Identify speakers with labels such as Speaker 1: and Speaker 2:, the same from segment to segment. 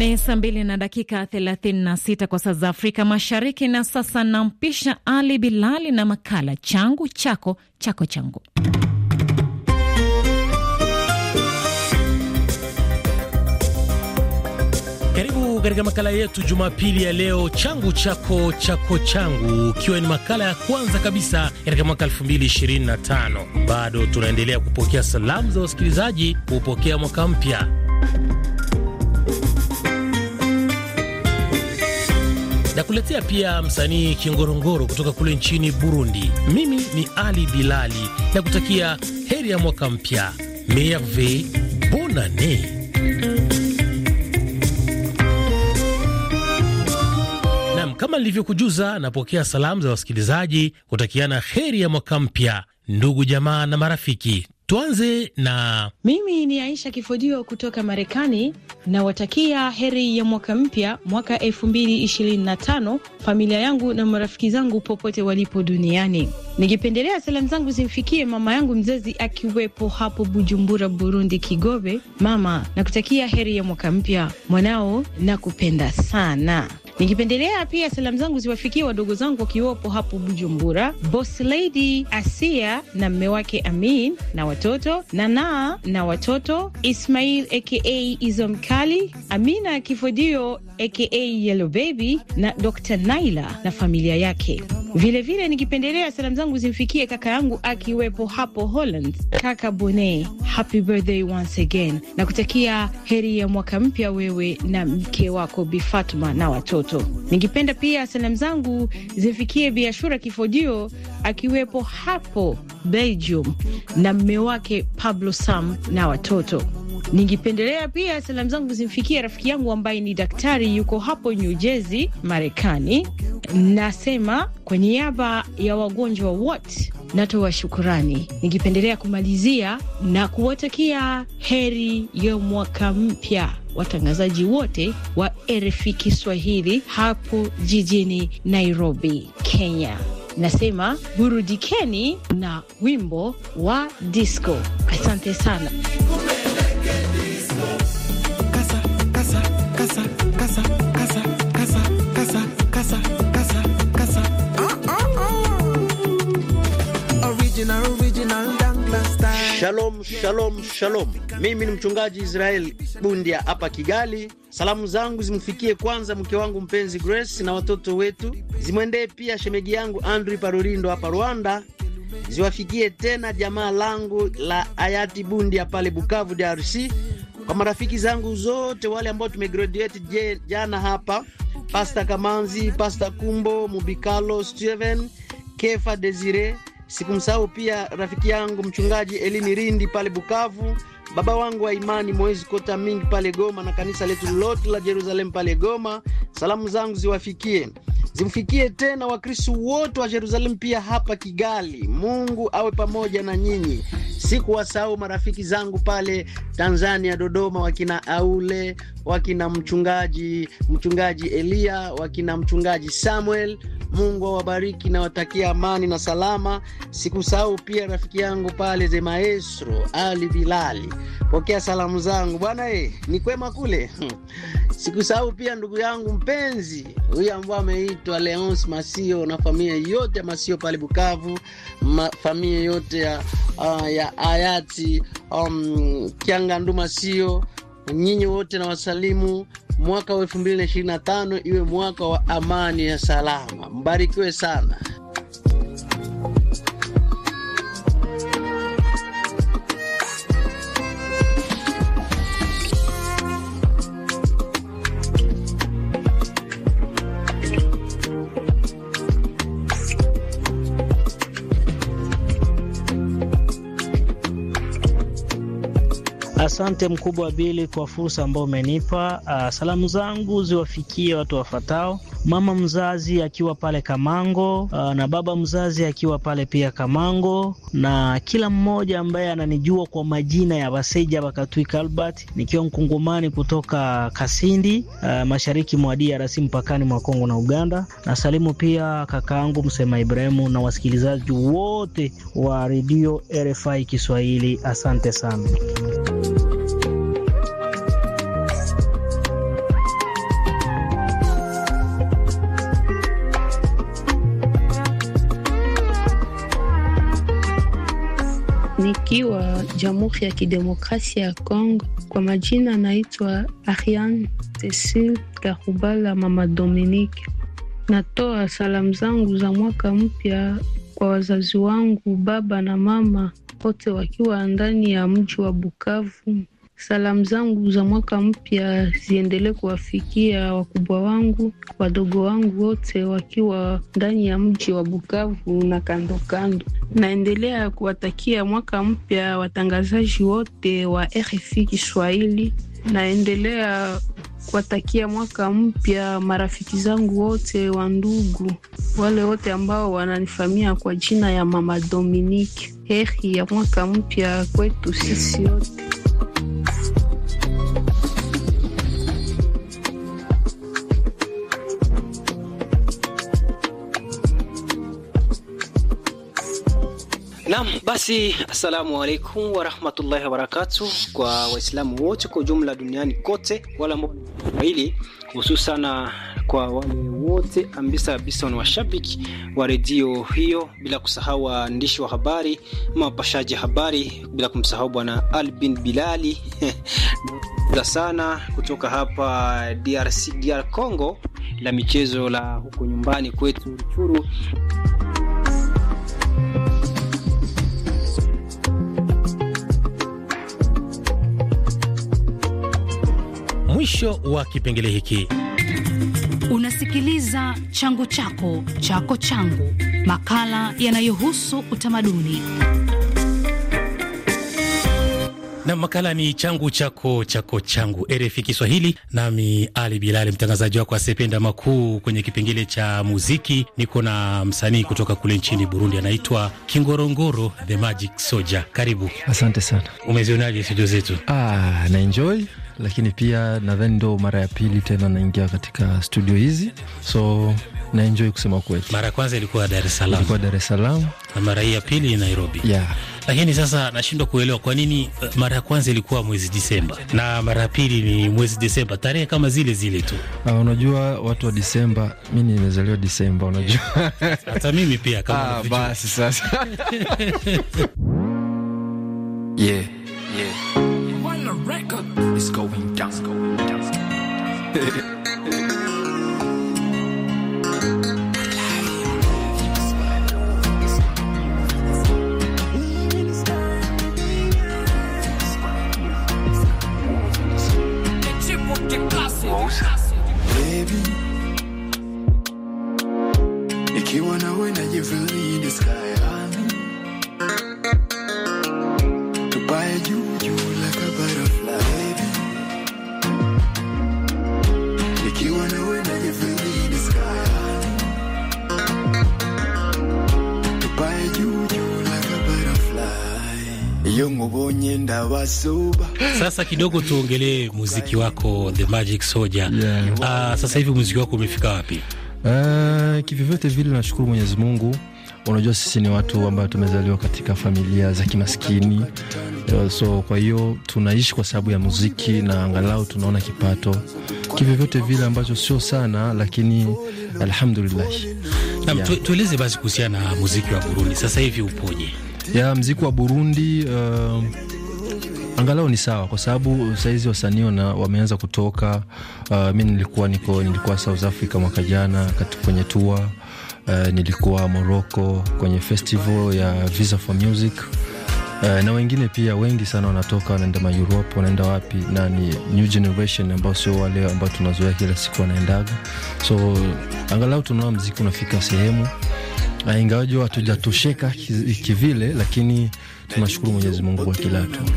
Speaker 1: Ni saa mbili na dakika 36 kwa saa za Afrika Mashariki. Na sasa nampisha Ali Bilali na makala changu chako chako changu.
Speaker 2: Karibu katika makala yetu Jumapili ya leo, changu chako chako changu, ikiwa ni makala ya kwanza kabisa katika mwaka 2025. Bado tunaendelea kupokea salamu za wasikilizaji kupokea mwaka mpya. Nakuletea pia msanii Kingorongoro kutoka kule nchini Burundi. Mimi ni Ali Bilali na kutakia heri ya mwaka mpya. Merve bonane nam. Kama nilivyokujuza, napokea salamu za wasikilizaji kutakiana heri ya mwaka mpya, ndugu jamaa na marafiki. Tuanze na
Speaker 3: mimi ni Aisha Kifodio kutoka Marekani, nawatakia heri ya mwaka mpya, mwaka 2025 familia yangu na marafiki zangu popote walipo duniani. Nikipendelea salamu zangu zimfikie mama yangu mzazi akiwepo hapo Bujumbura, Burundi, Kigobe. Mama, nakutakia heri ya mwaka mpya, mwanao nakupenda sana. Nikipendelea pia salamu zangu ziwafikie wadogo zangu wakiwepo hapo Bujumbura, Boss Lady Asia na mme wake Amin na watoto Nana na watoto Ismail aka Izomkali, Amina Kifodio aka Yellow Baby na Dr Naila na familia yake. Vilevile nikipendelea salamu zangu zimfikie kaka yangu akiwepo hapo Holland, kaka Bone, happy birthday once again, na kutakia heri ya mwaka mpya wewe na mke wako Bi Fatma na watoto. nikipenda pia salamu zangu zimfikie biashura Kifojio akiwepo hapo Belgium na mme wake Pablo Sam na watoto. Ningependelea pia salamu zangu zimfikia rafiki yangu ambaye ni daktari, yuko hapo New Jersey, Marekani. Nasema kwa niaba ya wagonjwa wote natoa shukurani. Ningependelea kumalizia na kuwatakia heri ya mwaka mpya watangazaji wote wa RFI Kiswahili hapo jijini Nairobi, Kenya. Nasema burudikeni na wimbo wa disco. Asante sana.
Speaker 4: Shalom, shalom, shalom. Mimi ni mchungaji Israel Bundia hapa Kigali. Salamu zangu zimfikie kwanza mke wangu mpenzi Grace na watoto wetu, zimwendee pia shemegi yangu andri parurindo hapa Rwanda, ziwafikie tena jamaa langu la hayati Bundia pale Bukavu DRC kwa marafiki zangu zote wale ambao tumegraduate jana hapa, Pasta Kamanzi, Pasta Kumbo, Mubikalo, Steven Kefa, Desire. Sikumsahau pia rafiki yangu mchungaji Elini Rindi pale Bukavu, baba wangu wa imani Moezi Kota Mingi pale Goma, na kanisa letu lote la Jerusalem pale Goma. Salamu zangu ziwafikie zimfikie tena Wakristo wote wa jerusalemu pia hapa Kigali. Mungu awe pamoja na nyinyi. Sikuwasahau marafiki zangu pale Tanzania, Dodoma, wakina Aule, wakina mchungaji mchungaji Eliya, wakina mchungaji Samuel Mungu awabariki na watakia amani na salama. Sikusahau pia rafiki yangu pale ze Maestro Ali Bilali, pokea salamu zangu bwana e, ni kwema kule. Sikusahau pia ndugu yangu mpenzi huyu ambaye ameitwa Leonce Masio na familia yote ya Masio pale Bukavu, familia yote ya, uh, ya hayati um, Kianganduma Masio nyinyi wote na wasalimu mwaka wa elfu mbili na ishirini na tano iwe mwaka wa amani na salama. Mbarikiwe sana. Asante mkubwa Bili kwa fursa ambayo umenipa. Uh, salamu zangu ziwafikie watu wafatao: mama mzazi akiwa pale Kamango, uh, na baba mzazi akiwa pale pia Kamango, na kila mmoja ambaye ananijua kwa majina ya Baseja Bakatwika Albert, nikiwa mkungumani kutoka Kasindi, uh, mashariki mwa DRC mpakani mwa Kongo na Uganda. Na salimu pia kakaangu Msema Ibrahimu na wasikilizaji wote wa redio RFI Kiswahili. Asante sana.
Speaker 3: nikiwa Jamhuri ya Kidemokrasia ya Kongo. Kwa majina anaitwa Ariane Cecile Karubala Mama Dominique. Natoa salamu zangu za mwaka mpya kwa wazazi wangu, baba na mama, wote wakiwa ndani ya mji wa Bukavu. Salamu zangu za mwaka mpya ziendelee kuwafikia wakubwa wangu, wadogo wangu wote wakiwa ndani ya mji wa Bukavu na kando kando. Naendelea kuwatakia mwaka mpya watangazaji wote wa RFI Kiswahili. Naendelea kuwatakia mwaka mpya marafiki zangu wote wa ndugu, wale wote ambao wananifamia kwa jina ya Mama Dominique. Heri ya mwaka mpya kwetu sisi wote.
Speaker 5: Naam, basi assalamu alaikum warahmatullahi wabarakatu kwa Waislamu wote kwa ujumla duniani kote, wala hili hususan kwa wale wote ambisa kabisa ni washabiki wa redio hiyo, bila kusahau waandishi wa habari mapashaji habari, bila kumsahau bwana Albin Bilali za sana kutoka hapa DRC, DR Congo la michezo la huko nyumbani kwetu
Speaker 6: Ruchuru.
Speaker 2: Mwisho wa kipengele hiki.
Speaker 3: Unasikiliza changu chako chako changu, makala yanayohusu utamaduni
Speaker 2: na makala ni changu chako chako changu, RFI Kiswahili, nami Ali Bilali, mtangazaji wako asiyependa makuu. Kwenye kipengele cha muziki, niko na msanii kutoka kule nchini Burundi, anaitwa Kingorongoro the Magic Soja. Karibu. Asante sana. Umezionaje studio zetu? Ah, na enjoy lakini
Speaker 5: pia nadhani ndo mara ya pili tena naingia katika studio hizi, so naenjoi kusema kweli.
Speaker 2: Mara ya kwanza ilikuwa Dar es Salaam, ilikuwa Dar es Salaam na mara hii ya pili Nairobi, yeah. Lakini sasa nashindwa kuelewa kwa nini eh, mara ya kwanza ilikuwa mwezi Disemba na mara ya pili ni mwezi Disemba, tarehe kama zile zile tu.
Speaker 5: Uh, unajua watu wa Disemba, mi nimezaliwa Disemba, unajua
Speaker 2: hata mimi pia kama ah, basi sasa yeah Sasa kidogo tuongelee muziki wako The Magic Soldier. Yeah. Uh, sasa hivi muziki wako umefika wapi? Uh, eh,
Speaker 5: kivyovyote vile nashukuru Mwenyezi Mungu. Unajua sisi ni watu ambao tumezaliwa katika familia za kimaskini, eh, so kwa hiyo tunaishi kwa sababu ya muziki na angalau tunaona kipato kivyovyote vile ambacho sio sana, lakini alhamdulillah.
Speaker 2: Tueleze basi kuhusiana na muziki wa Burundi, sasa hivi upoje? ya mziki wa
Speaker 5: Burundi uh, angalau ni sawa kwa sababu sahizi wasanii wameanza kutoka. Uh, mi nilikuwa niko nilikuwa South Africa mwaka jana kwenye tour uh, nilikuwa Morocco kwenye festival ya Visa for Music uh, na wengine pia wengi sana wanatoka wanaenda ma Europe wanaenda wapi, na ni new generation ambao sio wale ambao tunazoea kila siku wanaendaga, so angalau tunaona mziki unafika sehemu ingawaje hatujatosheka kivile, lakini tunashukuru Mwenyezi Mungu kwa kila hatua.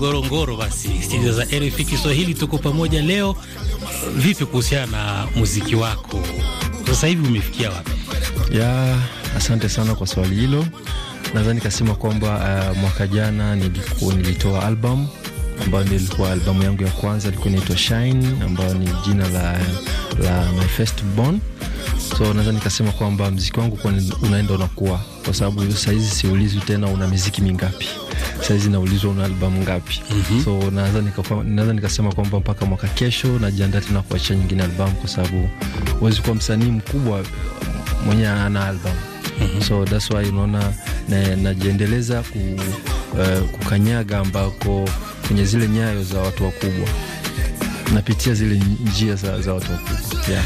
Speaker 2: Ngorongoro. Basi studio za RFI Kiswahili tuko pamoja leo. Vipi kuhusiana na muziki wako sasa hivi, umefikia wapi?
Speaker 5: Ya, asante sana kwa swali hilo. Nadhani nikasema kwamba uh, mwaka jana nilikuwa nilitoa album ambayo nilikuwa albamu yangu ya kwanza ilikuwa inaitwa Shine, ambayo ni jina la, la My First Born. So naweza nikasema kwamba mziki wangu kwa unaenda unakuwa, kwa sababu sahizi siulizi tena una miziki mingapi sahizi naulizwa una albamu ngapi? mm -hmm. So naweza nikasema kwamba mpaka mwaka kesho najiandaa tena kuachia nyingine albamu, kwa sababu huwezi kuwa msanii mkubwa mwenye ana albamu. mm -hmm. So that's why unaona najiendeleza ku, uh, kukanyaga ambako kwenye zile nyayo za watu wakubwa napitia zile njia za, za watu wakubwa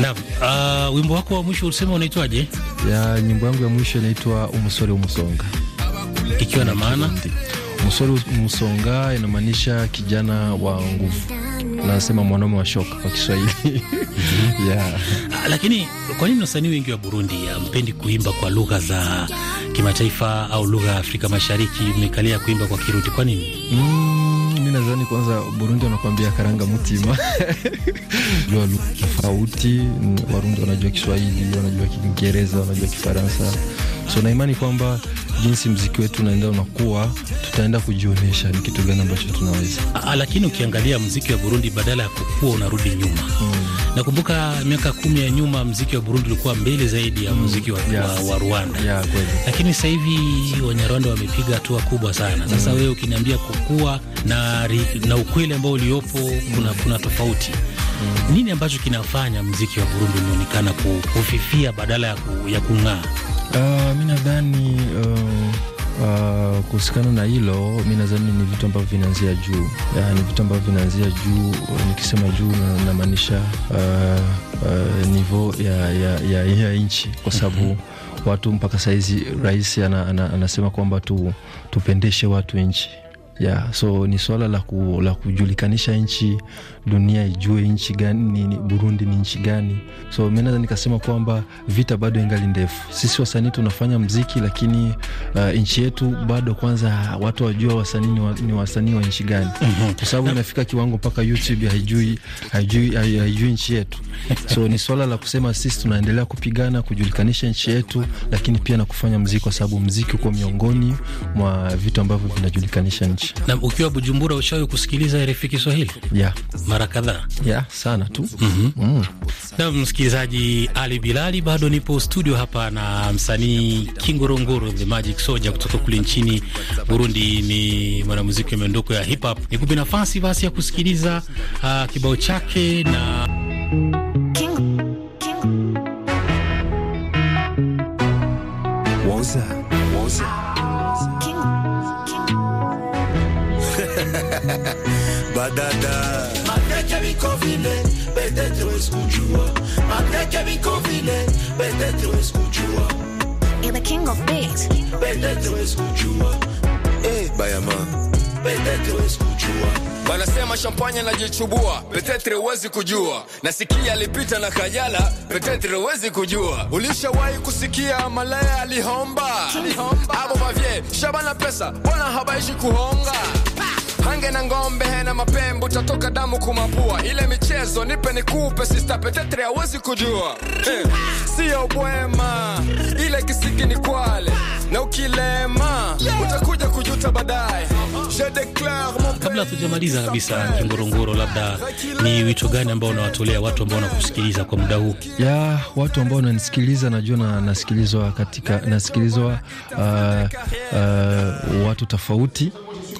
Speaker 2: yeah. uh, wimbo wako wa mwisho ulisema unaitwaje?
Speaker 5: Ya, nyimbo yangu ya mwisho inaitwa Umusore Umusonga ikiwa na maana msori msonga inamaanisha kijana wa nguvu, nasema mwanaume wa shoka kwa Kiswahili. Mhm.
Speaker 2: yeah. Ah, lakini kwa nini wasanii wengi wa Burundi hampendi ah, kuimba kwa lugha za kimataifa au lugha ya Afrika Mashariki, mmekalia kuimba kwa Kirundi? Kwa nini?
Speaker 5: Mm, mi nadhani kwanza Burundi wanakuambia karanga mutima
Speaker 2: jua lugha
Speaker 5: tofauti. Warundi wanajua Kiswahili, wanajua Kiingereza, wanajua Kifaransa So naimani kwamba jinsi mziki wetu unaenda unakuwa, tutaenda kujionyesha ni kitu gani ambacho tunaweza.
Speaker 2: Lakini ukiangalia mziki wa Burundi badala ya kukua unarudi nyuma mm. Nakumbuka miaka kumi ya nyuma mziki wa Burundi ulikuwa mbele zaidi ya hmm. mziki wa, yes. wa, wa Rwanda yeah, lakini sasa hivi Wanyarwanda wamepiga hatua kubwa sana sasa mm. Wewe ukiniambia kukua na, na ukweli ambao uliopo kuna, hmm. kuna tofauti mm. Nini ambacho kinafanya mziki wa Burundi umeonekana kufifia badala ya, ku, ya kung'aa? Ah,
Speaker 5: mi nadhani uh, uh, kuhusikana na hilo, mi nadhani ni vitu ambavyo vinaanzia juu. Uh, ni vitu ambavyo vinaanzia juu. Nikisema juu namaanisha na uh, uh, nivo ya, ya, ya, ya nchi kwa sababu mhm. watu mpaka sahizi rais anasema ana, ana, kwamba tu, tupendeshe watu nchi yeah, so ni swala la, ku, la kujulikanisha nchi, dunia ijue nchi gani ni, Burundi ni nchi gani. So mi naweza nikasema kwamba vita bado ingali ndefu. Sisi wasanii tunafanya mziki, lakini uh, nchi yetu bado, kwanza watu wajua wasanii ni wasanii wa nchi gani, mhm. kwa sababu inafika kiwango mpaka YouTube haijui, haijui, haijui nchi yetu. So ni swala la kusema sisi tunaendelea kupigana kujulikanisha nchi yetu, lakini pia na kufanya mziki, kwa sababu mziki uko miongoni mwa vitu ambavyo vinajulikanisha nchi nchi.
Speaker 2: Na ukiwa Bujumbura, ushawahi kusikiliza RFI Kiswahili? Yeah. Mara kadhaa. Yeah, sana tu. Mhm. Mm -hmm. Mm. Na msikilizaji Ali Bilali, bado nipo studio hapa na msanii Kingurunguru the Magic Soja kutoka kule nchini Burundi, ni mwanamuziki wa miondoko ya hip hop. Nikupe nafasi basi ya kusikiliza uh, kibao chake na
Speaker 6: badada mateke mateke You're the king of beats. eh bayama Wanasema champagne najichubua, petetre huwezi kujua. Nasikia alipita na Kajala, petetre huwezi kujua. Ulishawahi kusikia malaya alihomba? Abo shabana pesa, bwana habaishi kuhonga hange na ng'ombe hena mapembo utatoka damu kumapua ile michezo nipe nikupe sista petetre hawezi kujua hey. Eh, sio bwema ile kisiki ni kwale na ukilema utakuja kujuta baadaye
Speaker 2: kabla tujamaliza kabisa kingurunguru labda ni wito gani ambao unawatolea watu ambao wanakusikiliza kwa muda huu
Speaker 5: ya watu ambao wananisikiliza najua na nasikilizwa katika nasikilizwa uh, uh, watu tofauti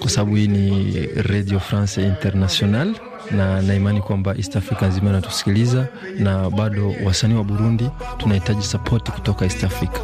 Speaker 5: kwa sababu hii ni Radio France International na naimani kwamba East Africa nzima inatusikiliza, na bado wasanii wa Burundi tunahitaji sapoti kutoka East Africa.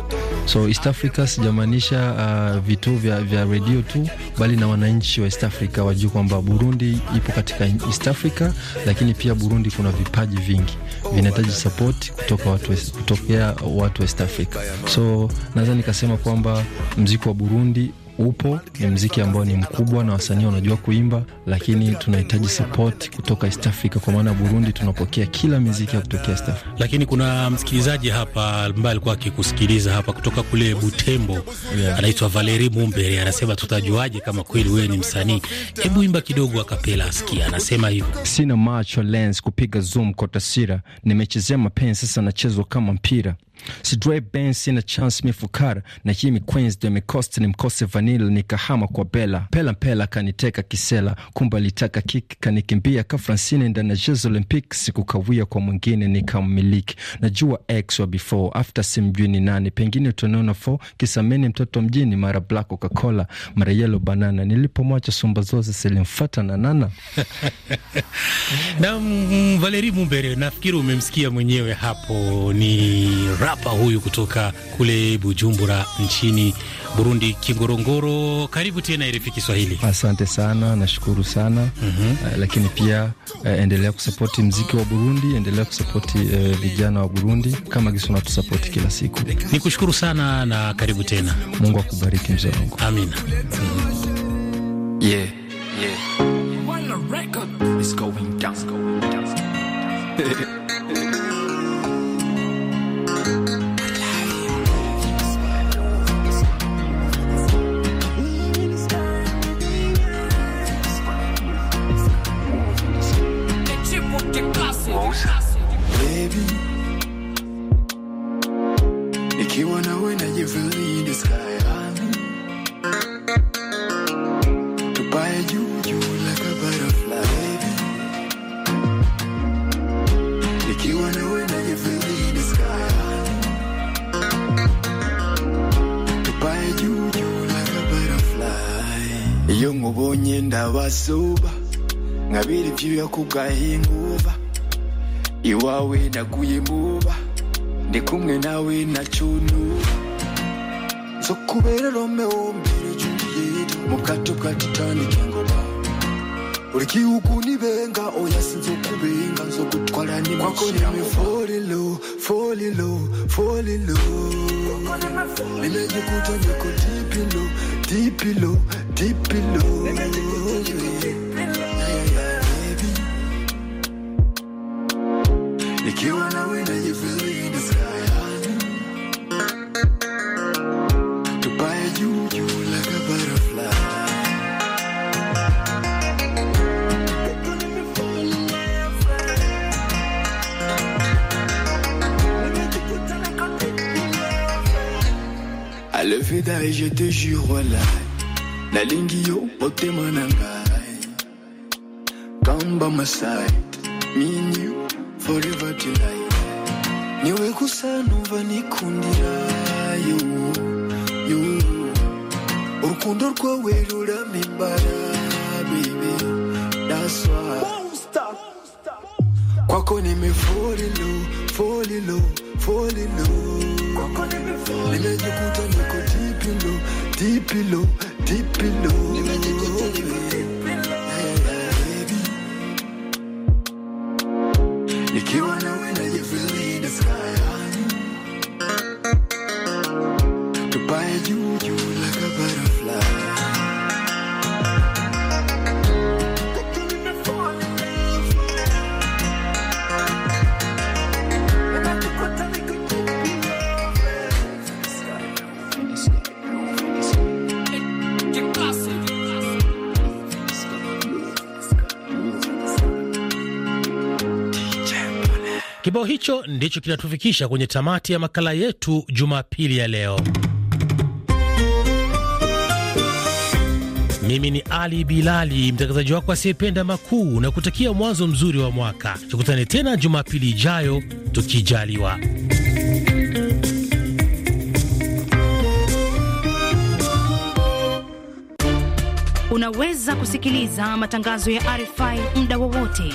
Speaker 5: So East Africa sijamaanisha uh, vituo vya, vya redio tu, bali na wananchi wa East Africa wajue kwamba Burundi ipo katika East Africa, lakini pia Burundi kuna vipaji vingi vinahitaji sapoti kutoka watu, kutokea watu wa East Africa. So naweza nikasema kwamba mziki wa Burundi upo, ni mziki ambao ni mkubwa na wasanii wanajua kuimba, lakini tunahitaji support kutoka East Africa, kwa maana Burundi tunapokea kila miziki ya kutokea East Africa.
Speaker 2: Lakini kuna msikilizaji hapa ambaye alikuwa akikusikiliza hapa kutoka kule Butembo, yeah. Anaitwa Valeri Mumbere, anasema tutajuaje kama kweli wewe ni msanii? Hebu imba kidogo akapela asikia. Anasema hivyo,
Speaker 5: sina macho lens kupiga zoom kwa taswira, nimechezea mapenzi, sasa nachezwa kama mpira Sidre Benz na Chance mifukar na Jimmy Queens Mecost ni mkose ni kahama kwa Bela Pela mpela kaniteka kisela kumba litaka kiki kanikimbia ka Francine nda na Jeux Olympique sikukawia kwa mwingine nikammiliki najua ex wa before after simjui ni nani pengine tunaona fo kisameni mtoto mjini mara black Coca-Cola mara yellow banana nilipomwacha sumba zoze silimfata na nana
Speaker 2: na Valeri Mumbere nafikiri umemsikia mwenyewe hapo ni rapa huyu kutoka kule Bujumbura nchini Burundi, Kingorongoro. Karibu tena RFI Kiswahili.
Speaker 5: Asante sana, nashukuru sana mm -hmm. Uh, lakini pia uh, endelea kusapoti mziki wa Burundi, endelea kusapoti uh, eh, vijana wa Burundi kama gisi unatusapoti kila siku.
Speaker 2: Ni kushukuru sana na karibu tena. Mungu akubariki mzee wangu, amina. mm -hmm. yeah.
Speaker 6: Yeah. ntibigakugaye nguva iwawe naguye muba ndi kumwe nawe nacunuba nzokubera rome wombere juliyeti mu bwato bwa oya cyangwa ba buri gihugu nibenga oya sinzokubenga nzogutwara nimushyiramo folilo folilo folilo nimenye kutonye ko dipilo dipilo dipilo ngai je te jure walai nalingi yo motema na ngai kamba maside mean you forever till yo yo urukundo rwawe rurame imbara bebe daswa kwako nimefoli low foli falling low. deep below, deep below, deep below.
Speaker 2: Kibao hicho ndicho kinatufikisha kwenye tamati ya makala yetu Jumapili ya leo. Mimi ni Ali Bilali, mtangazaji wako asiyependa makuu, na kutakia mwanzo mzuri wa mwaka. Tukutane tena Jumapili ijayo tukijaliwa.
Speaker 3: Unaweza kusikiliza matangazo ya RFI muda wowote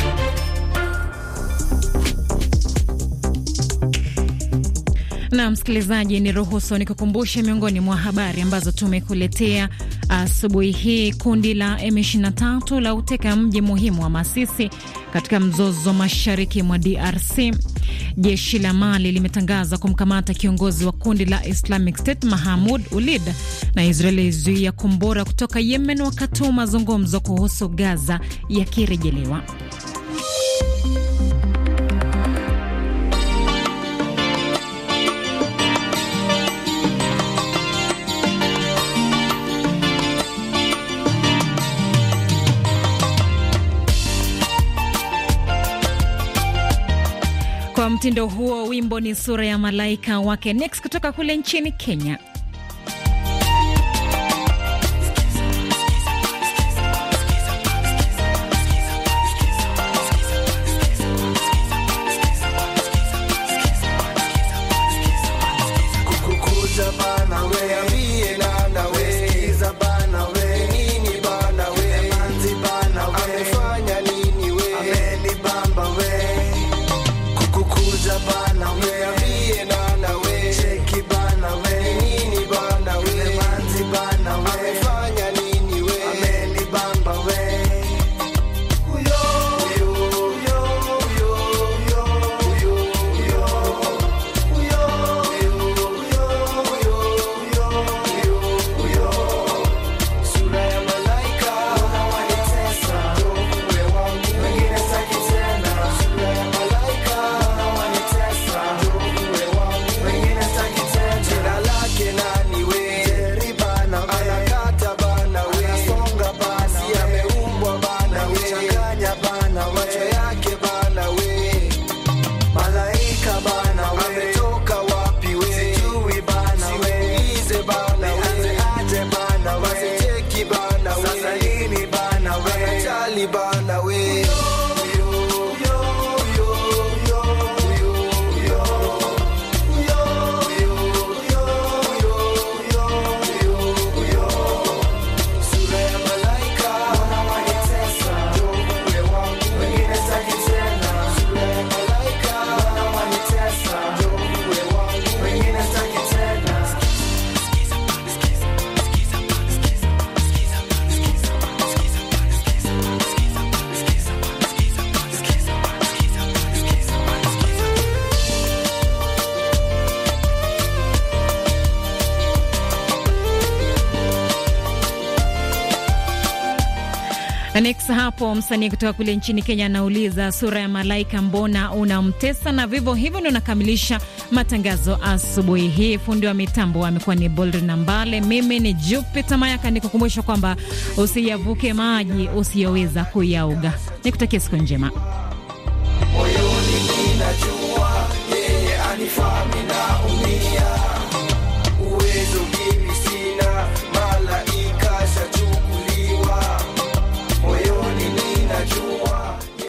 Speaker 1: Na msikilizaji, ni ruhusu nikukumbushe miongoni mwa habari ambazo tumekuletea asubuhi hii. Kundi la M23 la uteka mji muhimu wa Masisi katika mzozo mashariki mwa DRC. Jeshi la Mali limetangaza kumkamata kiongozi wa kundi la Islamic State Mahamud Ulid, na Israeli ilizuia kombora kutoka Yemen, wakati mazungumzo kuhusu Gaza yakirejelewa. mtindo huo, wimbo ni sura ya malaika wake Nix kutoka kule nchini Kenya. Alex hapo, msanii kutoka kule nchini Kenya anauliza sura ya malaika mbona unamtesa? Na vivyo hivyo ndio nakamilisha matangazo asubuhi hii. Fundi wa mitambo amekuwa ni Bold na Mbale, mimi ni Jupiter Mayaka nikukumbusha kwamba usiyavuke maji usiyoweza kuyauga. Nikutakia siku njema.